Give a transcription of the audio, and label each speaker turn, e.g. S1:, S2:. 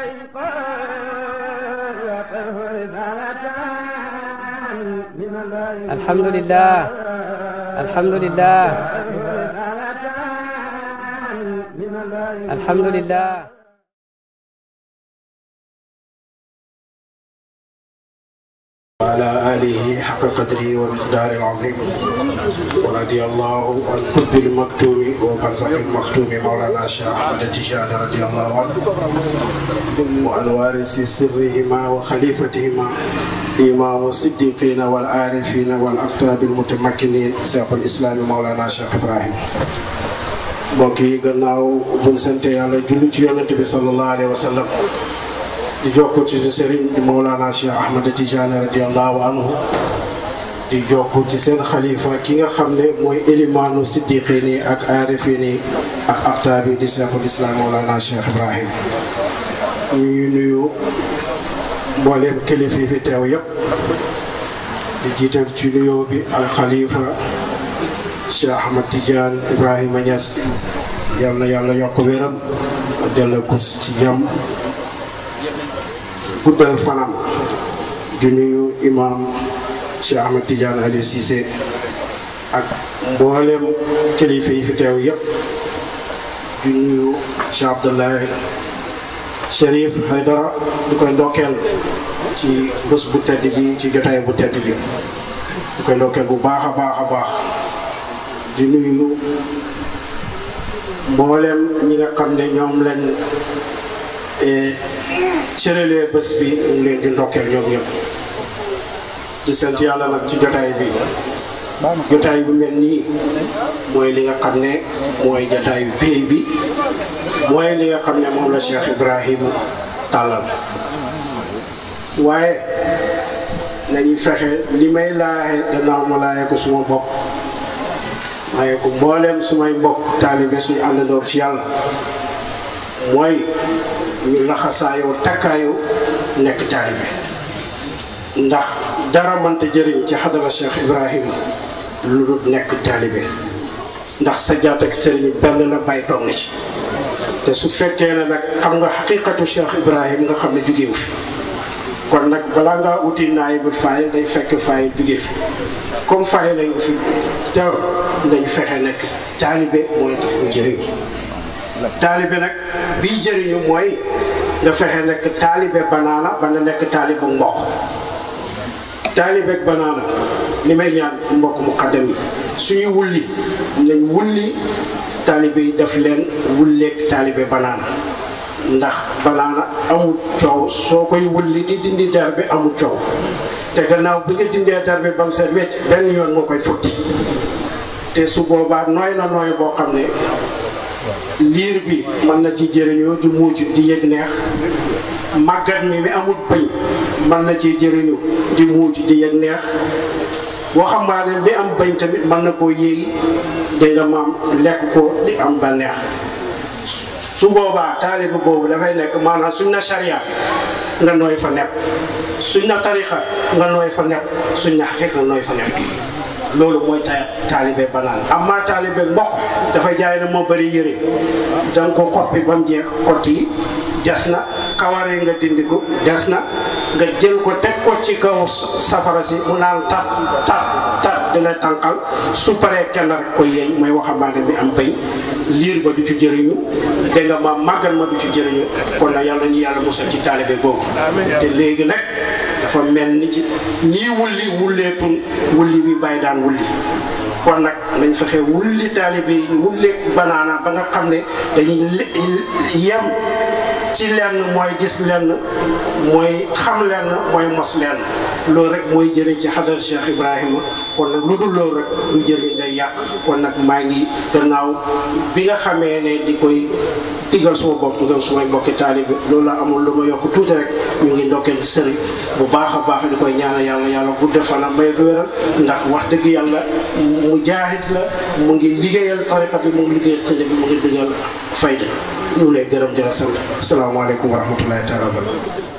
S1: alhamdulilah alhamdulilah alhamdulilah. wa ala alihi حق قدره ومقدار العظيم ورضي الله عن قطب المكتوم وبرزق المختوم مولانا شيخ احمد التجاني رضي الله عنه وعن وارث سرهما وخليفتهما إمام الصديقين والعارفين والأكتاب المتمكنين شيخ الإسلام مولانا شيخ إبراهيم mbokk yi gannaaw buñ sante yàlla julli ci yonent bi sallallahu alayhi wa sallam di jokk ci sëriñ Mawlana Cheikh Ahmad Tidiane radiallahu anhu di jokk ci seen xalifa ki nga xam ne mooy élimaanu siddiqi nii ak aarifi nii ak aktaabi di Cheikhul Islam Mawlana Cheikh Ibrahim ñuy nuyu mbooleem kilifa fi teew yëpp di jiital ci nuyoo bi alxalifa Cheikh Ahmad Tidiane Ibrahima Niass yal yàlla yokk wéram delloo ko ci jàmm guddal fanam di nuyu imam Cheikh Ahmed Tidiane Aliou Cissé ak mboolem kilifa yi fi teew yëpp di nuyu Cheikh Abdoulaye Chérif Haydara di koy ndokkeel ci bés bu tedd bi ci jotaay bu tedd bi di koy ndokkeel bu baax a baax a baax di nuyu mboolem ñi nga xam ne ñoom lañ cëralee bés bi ñu ngi leen di ndokkeel ñoom ñëpp di sant yàlla nag ci jotaay bi jotaay bi mel nii mooy li nga xam ne mooy jotaayu pay bi mooy li nga xam ne moom la Cheikh Ibrahima tàllal waaye nañu fexe li may laaxe danaa ma laaxe ko suma bopp maaye ko mbooleem sumay mbokk taalibe suñu àndandoor ci yàlla mooy ñu laxasaayoo takkaayoo nekk taalibe ndax dara mante jëriñ ci xadara Cheikh Ibrahima lu dul nekk taalibe ndax sa jaat ak sëriñ benn la bàyyi toog na ci te su fekkee ne nag xam nga xaqiqatu Cheikh Ibrahima nga xam ne jugewu fi kon nag balaa ngaa uti ba faayil day fekk faayil juge fi comme faayil lañu fi teew dañu fexe nekk taalibe mooy tax mu jëriñ taalibe nag bii jëriñu mooy nga fexe nekk taalibe banaana ba nga nekk taalibu mboq taalibe banaana li may ñaan mbokk muqaddam yi suñuy wulli nañ wulli taalibe yi daf leen wulleeg taalibe banaana ndax banaana amul coow soo koy wulli di dindi der bi amul coow te gannaaw bi nga dindee der bi bam set wecc benn yoon moo koy futti te su boobaa nooy na nooy boo xam ne liir bi mën na ci jëriñoo di muuj di yëg neex màggat mi mi amul bëñ mën na ci jëriñoo di muuj di yëg neex boo xam maa ne bi am bañ tamit mën na koo yéegi dégg nga maam lekk ko di am ba su boobaa taaliba boobu dafay nekk maanaam suñ na charia nga nooy fa nekk suñ na tarixa nga nooy fa nekk suñ na xaqiqa nga nooy fa nepp loolu mooy ta taalibe banaan amma taalibe mboq dafay jaay na moo bari yëre da nga ko xoppi ba mu jeex xotti des na kawaree nga dindi ko des na nga jël ko teg ko ci kaw safara si mu naan tat tat tat di su paree kenn rek ko yeeñ mooy waxambaane bi am bëñ liir ba du ci jëriñu dégg nga ma màggal ma du ci jëriñu kon na yàlla ñu yàlla musal ci taalibe boobu te léegi nag dafa mel ni ci ñii wulli wulleetun wulli wi bàyyi daan wulli kon nag nañ fexe wulli taalibe yi banaana ba nga xam ne dañuy yem ci lenn mooy gis lenn mooy xam lenn mooy mos lenn loolu rek mooy jëriñ ci xadar Cheikh Ibrahima kon nag lu dul loolu rek lu jëriñ day yàq kon nag maa ngi gannaaw bi nga xamee ne di koy diggal suma bopp ngam sumay mbokki taalibe loolu laa amul lu ma yokk tuuti rek ñu ngi ndokkeel sëriñ bu baax a baax di koy ñaanal yàlla yàlla gudde fanam may ko wéral ndax wax dëgg yàlla mu jaahit la mu ngi liggéeyal tariqa bi mu ngi liggéeyal tëdd bi mu ngi liggéeyal fayda ñu lay gërëm di la sant asalaamaaleykum wa rahmatullahi